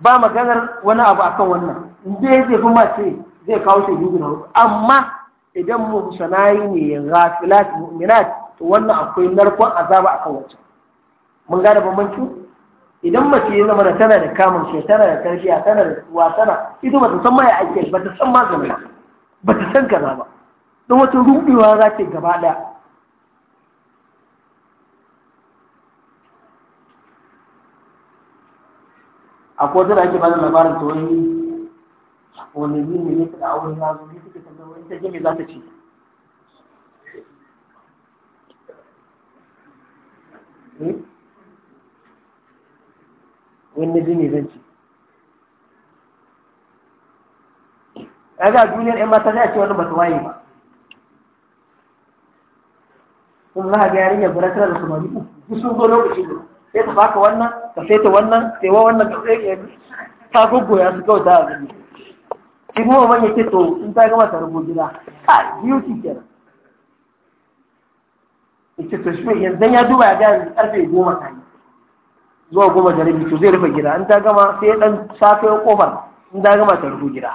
ba maganar wani abu akan wannan in dai zai kuma ce zai kawo shi gudu hudu amma idan sanayi ne ghafilat mu'minat to wannan akwai narkon azaba akan wancan mun gane bambancin idan mace ya zama da tana da kamun shi tana da a tana da tsuwa tana ita ba ta san ma ya ake ba ta san ma ba ta san kaza ba don wata rubewa za ta gaba daya a kodin ake ba da labarin ta wani wani yi ne ta aure ya zo ne suke tambayar wani ta gini za ta ci eh? wani jini zan ci ga duniyar yan mata a ce wani ba su waye ba Sun za a ga yarinya guda tara da samari uku sun zo lokaci guda sai ta baka wannan ka sai ta wannan sai wa wannan ka sai ka ta goggoya su kawai da abin shi kuma ban yake to in ta gama ta rubo gida ka biyu cikin yace to shi yanzu ya duba ya ga karfe goma ta yi zuwa goma da rabi to zai rufe gida in ta gama sai dan safe kofar in ta gama ta rubo gida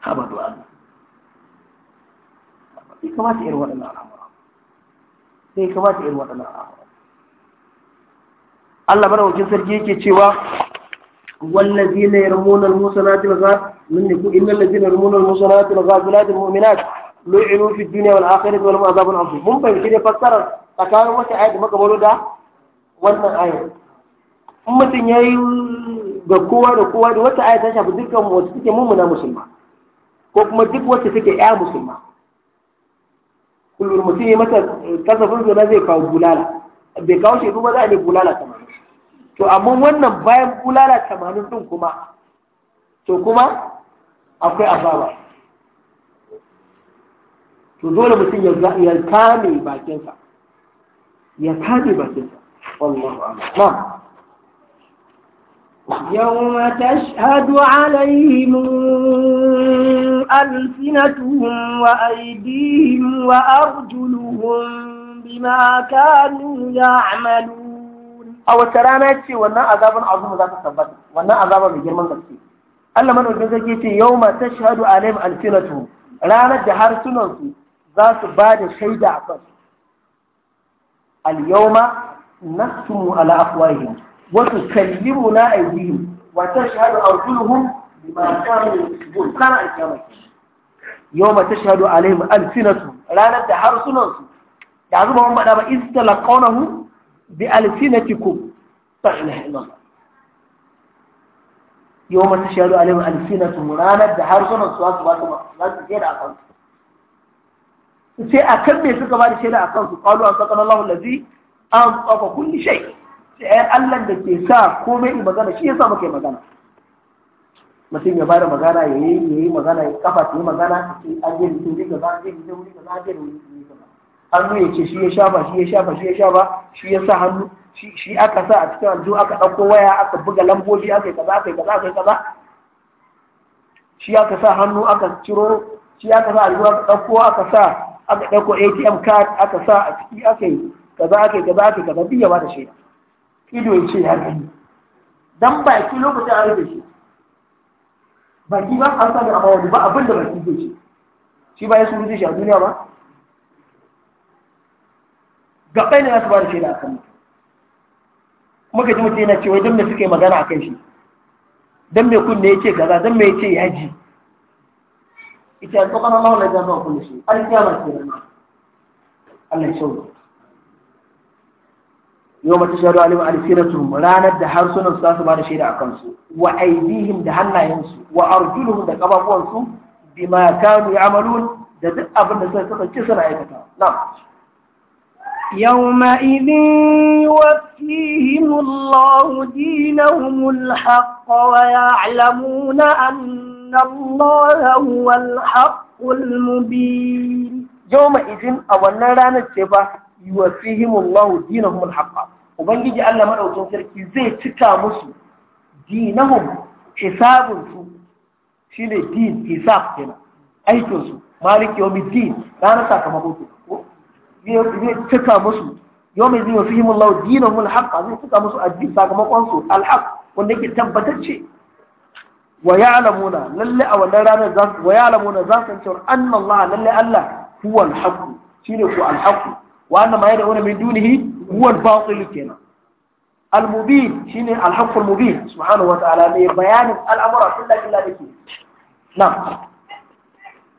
haba du'a Allah kamata irin waɗannan al'amura sai ka ba ta irin waɗannan Allah mara wakil sarki yake cewa wallazi na yarmunar musa na ta maza min da ku inna lazi na yarmunar musa na ta maza zula da mu'minat lo'inu fi duniya wal akhirat wal mu'azabun amsu mun bayyana da fassara tsakanin wata ayat da muka da wannan ayat in mutum ya yi da kowa da kowa da wata ayat ta shafi dukkan wasu suke mummuna musulma ko kuma duk wata take ya musulma kullum mutum ya mata kasafin zuwa zai kawo bulala bai kawo shi ba za a ne bulala tamanin to amma wannan bayan bulala tamanin din kuma to kuma akwai azaba to dole mutum ya kame bakinsa ya kame bakinsa wallahu a'lam يوم تشهد عليهم ألسنتهم وأيديهم وأرجلهم بما كانوا يعملون أو ترانا شيء وانا عذاب عظيم ذات الثبات وانا عذاب من جرمان تفسير Allah madaukakin sarki ce yau ma ta shahadu alaihim alfinatu ranar da harsunansu za su ba da shaida a kansu al-yawma nasumu ala afwahihim wa bima kanu shahadu kana alkiyama yawma alaihim alsinatu ranar da harsunan su da zuba mun bada ba istalaqawnahu bi ku, alsinatikum fa ilaha illallah yawma tashhadu alaihim alsinatu ranar da harsunan su su ba su ba su je da akan su a kan me suka ba da shaida akan su qalu an saka Allahu allazi an qafa kulli shai sai Allah da ke sa komai magana shi yasa muke magana mutum ya bada magana ya yi ya yi magana ya kafa ta yi magana ce an je yi wuri kaza an je da wuri kaza an je da wuri kaza hannu ya ce shi ya shafa shi ya shafa shi ya shafa shi ya sa hannu shi aka sa a cikin aljo aka ɗauko waya aka buga lambobi aka yi kaza aka yi kaza aka yi kaza shi aka sa hannu aka ciro shi aka sa aljo aka ɗauko aka sa aka ɗauko ATM card aka sa a ciki aka yi kaza aka yi kaza aka yi kaza duk ya bada shaida ido ya ce ya gani dan baki lokacin an rufe shi baki ba an sami a wani ba abinda baki zai ce shi ba ya surutu shi a duniya ba gaɓai ne za su ba da shaida a kan mutum kuma ka ji mutum yana cewa don me suka yi magana a kan shi don me kunne ya ce gaza don me ya ce yaji ita ya tsokanar mawa na jami'a kunne shi alkiyama da nan Allah ya shauka يوم تشهد عليهم ألسنتهم لانا دهارسون الصلاة بعد شيء أقامسوا وأيديهم دهنا ينسوا وأرجلهم ده قبل فوانسوا بما كانوا يعملون ده ده أبن نسوا يتطلق كسر نعم يومئذ يوفيهم الله دينهم الحق ويعلمون أن الله هو الحق المبين يومئذ أولا لا نتبع يوفيهم الله دينهم الحق ubangiji Allah madaukin sarki zai cika musu dinahum hisabun su shine din hisab kenan aikin su maliki yawmi din ranar sakamako ko zai cika musu yawmi zai yufihimu Allah dinahum alhaq zai cika musu addin sakamakon su alhaq wanda yake tabbatacce wa ya'lamuna lalle a wannan ranar za su wa ya'lamuna za su cewa anna lalle Allah huwa alhaq shine ku alhaq wa anna ma wani min dunihi هو الباطل كنا المبين شنو الحق المبين سبحانه وتعالى بيان الأمر كله إلا بك نعم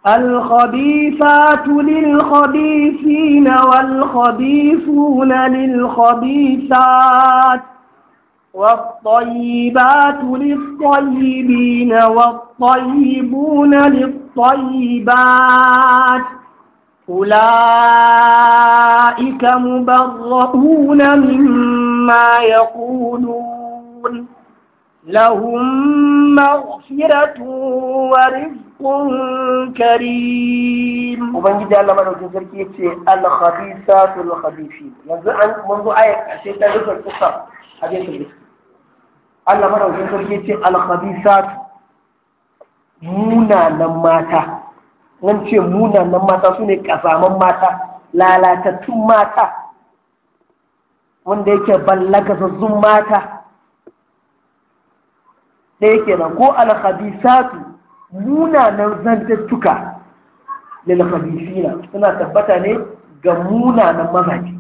الخبيثات للخبيثين والخبيثون للخبيثات والطيبات للطيبين والطيبون للطيبات أولئك مبرؤون مما يقولون لهم مغفرة ورزق كريم وبنجد الله ما نوجد ذلك الخبيثات الخبيثين منذ منذ آية عشان تعرف قصة حديث الرزق الله ما نوجد ذلك الخبيثات مونا لما تهت mun ce munanan mata su ne kasaman mata lalatattun mata wanda yake zazzun mata ɗaya nan ko alhabisatu munanan zantattuka lilhabisina suna tabbata ne ga munanan mazaje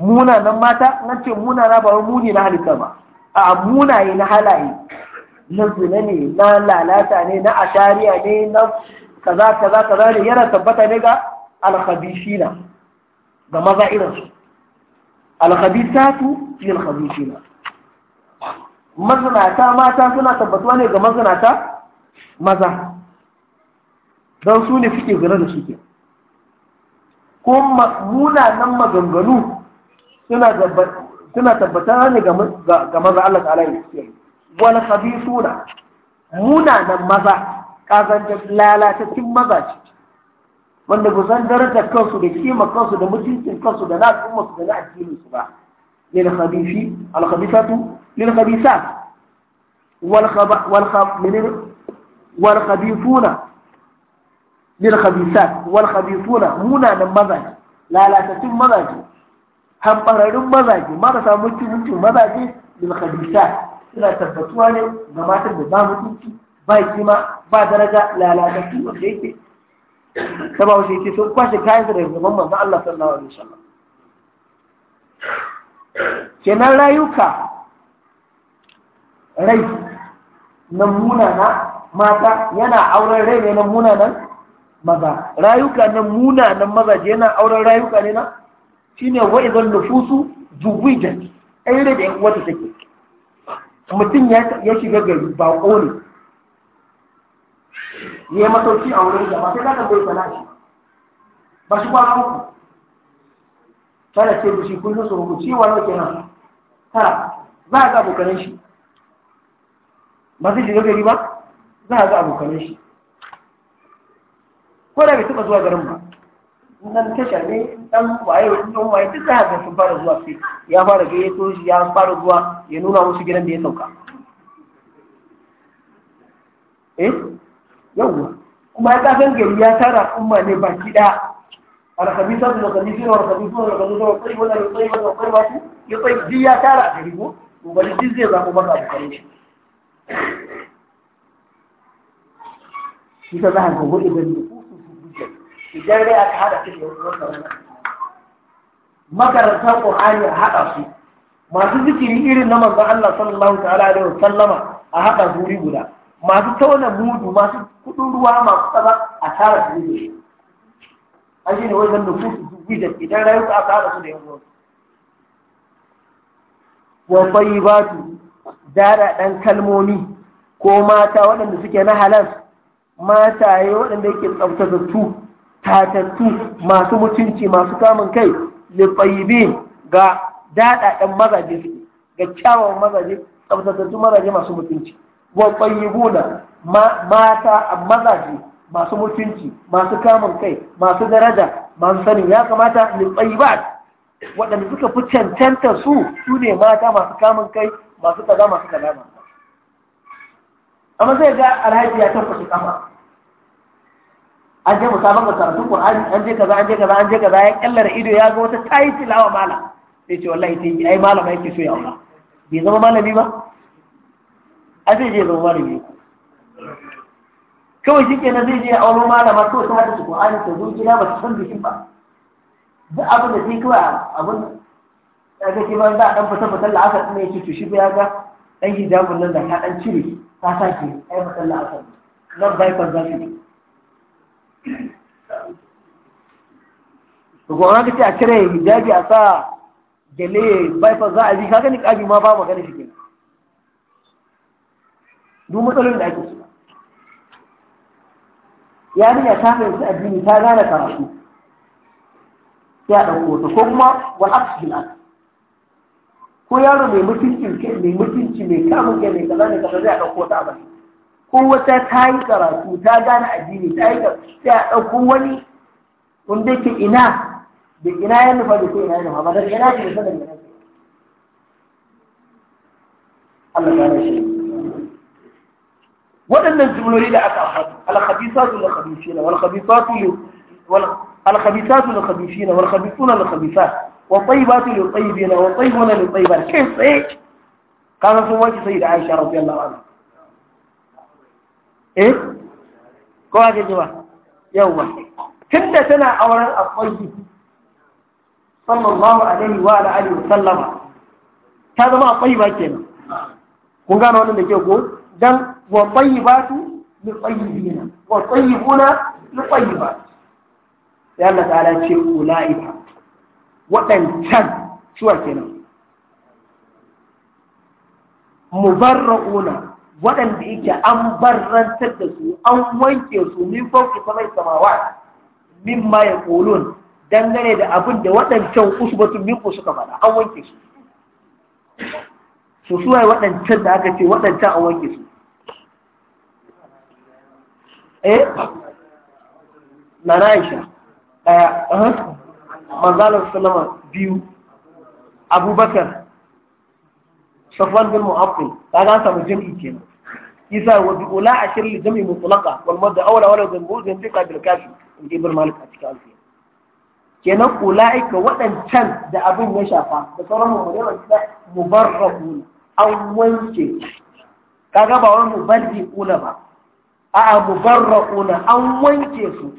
munanan mata nan ce munana ba wani muni na halitta ba a munaye na halaye na zina ne na lalata ne na ashariya ne na kaza kaza kaza ne yana tabbata ne ga alhabishina ga maza irinsu alhabisatu lil khabishina mazinata mata suna tabbatuwa ne ga mazinata maza don su ne suke gane da suke ko munanan maganganu suna tabbatar ne ga maza Allah ta'ala ya ce wal muna munanan maza kazantar lalatattun mazaje wanda ba san darajar kansu da kima kansu da mutuncin kansu da na'umma su da na addinin su ba lil khabisi al khabisatu lil khabisat wal khaba wal khabmin wal khabifuna lil khabisat wal khabifuna munanan mazaje lalatattun mazaje hambararrun mazaje marasa mutuncin mazaje lil khabisat suna tabbatuwa ne ga matan da ba mutunci ba kima ba daraja lalatattu wanda yake ta ba wasu yake sun kwashe kayan da yanzu, gaban manzo Allah sallallahu alaihi wasallam kenan rayuka rai na munana mata yana auren rai ne na munanan maza rayuka na munanan mazaje yana auren rayuka ne na Shi ne wa idan nufusu zuwijat ai rai da yan uwata take mutum ya shiga gari ba ne ya matauki a wurin da ba sai ka tambayi sana'a shi ba shi kwana uku tana ce da shi kun san su ci wa nawa nan. Ta, za a ga abokanan shi ba zai ji gari ba za a ga abokanan shi ko da bai taɓa zuwa garin ba nan tasha ne ɗan waye dan waye duk za a ga sun fara zuwa sai ya fara gaye ya shi ya fara zuwa ya nuna musu gidan da ya sauka eh yawwa kuma ya kasan gari ya tara umma ne ba baki da alhamisa da alhamisa da alhamisa da alhamisa da tsayi wannan tsayi wannan tsayi wasu ya tsayi ji ya tara a gari ko to bari ji zai zama maka abokan shi shi ta zaka ga wani da ku idan dai aka hada shi da wannan makaranta qur'ani a hada su masu zikiri irin na manzon Allah sallallahu ta'ala alaihi wasallama a hada guri guda masu tauna mudu masu kudin ruwa masu tsaba a tara su ne an shi ne wajen da kusa su gida idan ka aka tara su da yan wasu wa tayyibatu dara dan kalmoni ko mata waɗanda suke na halal mataye waɗanda yake tsaftatattu tatattu masu mutunci masu kamun kai litsayibin ga daɗaɗen mazaje suke ga kyawawan mazaje tsaftatattu mazaje masu mutunci wa tsayyibuna mata a mazaje masu mutunci masu kamun kai masu daraja masu sanin ya kamata min tsayyibat waɗanda suka fi cancanta su su ne mata masu kamun kai masu kaza masu kaza masu amma zai ga alhaji ya tabbata kama an je musabakar karatun qur'ani an je kaza an je kaza an je kaza ya kallar ido ya ga wata tayi tilawa mala sai ce wallahi sai ai malama yake so ya aura bai zama malami ba a zai je zama malami kawai shi kenan zai je a wani malama kawai ta haɗa su ƙwa'ani ta zo gida ba su san bikin ba duk abin da sai kawai abin da ga shi ba za a ɗan fita fata la'asar ɗin ya ce to shi ba ya ga ɗan hijabun nan da ta ɗan cire ta sake ai fitar la'asar nan bai kwan zafi ne. Gwamna ka ce a cire hijabi a sa gele bai kwan za a ji ka gani ƙabi ma ba magana shi kenan. duk matsalolin da ake ya yarinya ta fahimci addini ta gane karatu sai a ɗauko ta ko kuma wal aksila ko yaro mai mutunci mai mutunci mai kamun ke mai kaza ne kaza zai a ɗauko ta a baki ko wata ta yi karatu ta gane addini ta yi karatu sai a ɗauko wani wanda yake ina da ina ya nufa da ko ina ya nufa ba da ina ce da sanar da ina ce Allah ya rashe waɗannan jumloli da aka haɗu alkhabisatu lil khabisina wal الخبيثات للخبيثين والخبيثون للخبيثات والطيبات للطيبين والطيبون للطيبات كيف صحيح قال في وجه سيد عائشة رضي الله عنها ايه قواك الجماعة يوم كنت سنة أولا الطيب صلى الله عليه وعلى عليه وسلم هذا ما طيبة كنا كنت قالوا أنه يقول دم wa tayyibatu li tayyibina wa tayyibuna li tayyibat sai Allah ta'ala ce ulaika waɗancan suwa kenan mubarra'una waɗanda yake an barrantar da su an wanke su min fauki samai samawa min ma ya dangane da abin da waɗancan usbatun minku suka faɗa an wanke su su suwaye waɗancan da aka ce waɗancan an wanke su eh na Aisha daya aha sallama biyu abubakar safwan bin mu'affin kaga samu jami'i kenan isa wa bi ula ashir li jami'i mutlaqa wal madd awla wala zambu zan tika bil kafi inji ibn malik a cikin alfiya kenan ulaika waɗancan da abin ya shafa da sauran mu'minin wanda mubarrabun an wanke kaga ba wani mubarri ula ba a mubarra'una an wanke su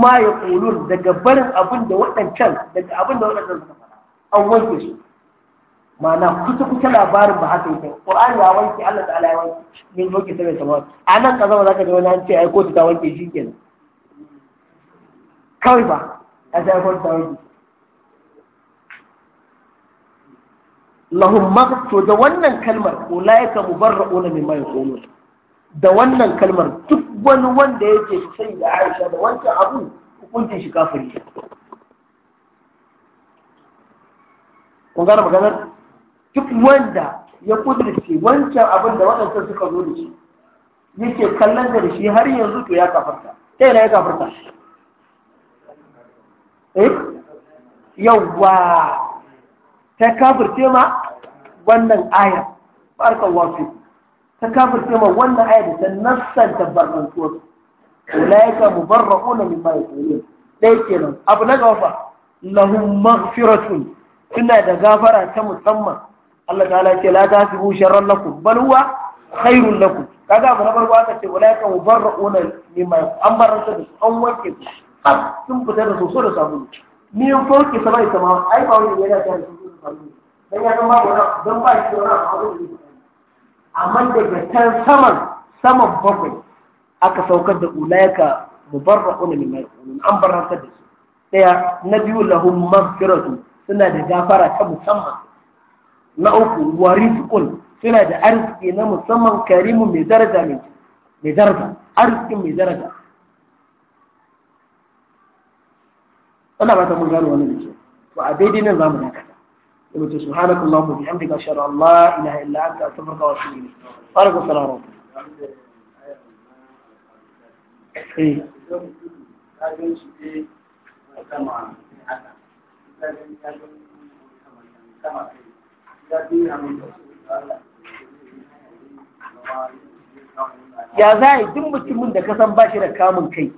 ma ya ƙulun daga barin abin da waɗancan daga abin da waɗancan suka an wanke su ma'ana kusa kusa labarin ba haka yake ƙurani ya wanke Allah ta'ala ya wanke min wanke sai sama a nan ka zama za ka zama an ce ai kotu ta wanke shi kenan kawai ba a sai kotu ta wanke lahumma to da wannan kalmar ulaika mubarra'una mimma yaqulun da wannan kalmar duk wani wanda yake sai da Aisha da wancan abu hukuncin shi kafiri kun gane maganar duk wanda ya kudurce wancan abin da waɗansu suka zo da shi yake kallon da shi har yanzu to ya kafarta ta yana ya kafarta eh yawwa ta kafirce ma wannan aya barkan wasu ta kafirce ma wannan ayar da ta nassan tabbarnan su ulaika mubarra'una mimma yaqulun dai kenan abu na gaba lahum maghfiratun suna da gafara ta musamman Allah ta'ala ce la tasibu sharran lakum bal huwa khairun lakum kaga abu na farko aka ce ulaika mubarra'una mimma an barranta da su an wanke su sun fita da soso da sabulu ni in fauki sama ita ma ai ba wani yana da sabulu dan ya san babu dan ba shi da wani abu da amma daga can saman saman bakwai aka saukar da ulaika ne mai yaqulun an bar haka da su daya na biyu lahum maghfiratu suna da gafara ta musamman na uku warizqun suna da arziki na musamman karimu mai daraja ne mai daraja arziki mai daraja Allah ba ta mun gano wannan da ke to a daidai nan zamu يقول سبحانك اللهم وبحمدك أشهد أن لا إله إلا أنت أستغفرك وأتوب إليك قال قصر هارون إيه ya za a yi duk mutumin da ka san ba shi da kamun kai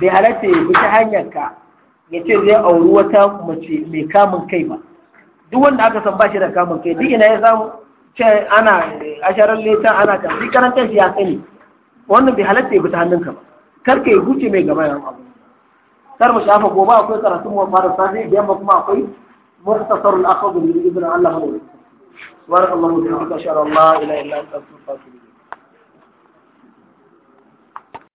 bai halatta ya bi ta hanyar ka ya ce zai auri wata mace mai kamun kai ba duk wanda aka san bashi da kamun kai duk ina ya samu ce ana asharar letan ana kan duk karantar shi ya sani wannan bai halatta ya fita hannunka ba kar ka yi huce mai gaba yan abu kar mu shafa gobe akwai karatun mu fara safi biyan ba kuma akwai murtasar al-akhd min ibn Allah wa barakallahu fiik insha Allah ila illa anta astaghfiruka wa